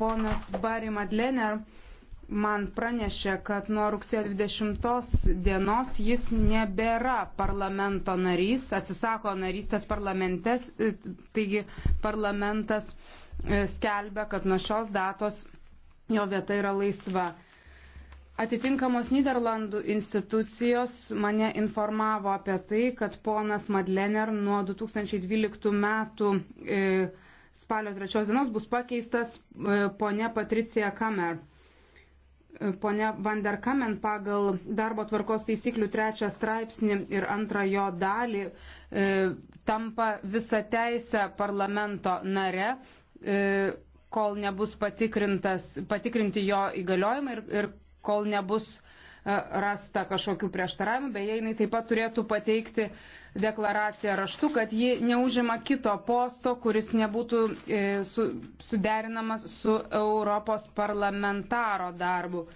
Ponas Barry Madlener man pranešė, kad nuo rugsėjo 20 dienos jis nebėra parlamento narys, atsisako narystės parlamentės, taigi parlamentas e, skelbia, kad nuo šios datos jo vieta yra laisva. Atitinkamos Niderlandų institucijos mane informavo apie tai, kad ponas Madlener nuo 2012 metų e, spalio trečios dienos bus pakeistas e, ponia Patricija Kamer. E, Pone Van der Kamen pagal darbo tvarkos taisyklių trečią straipsnį ir antrą jo dalį e, tampa visą teisę parlamento nare, e, kol nebus patikrinti jo įgaliojimai ir, ir kol nebus e, rasta kažkokių prieštaravimų, beje, jinai taip pat turėtų pateikti deklaraciją raštu, kad ji neužima kito posto, kuris nebūtų e, su, suderinamas su Europos parlamentaro darbu.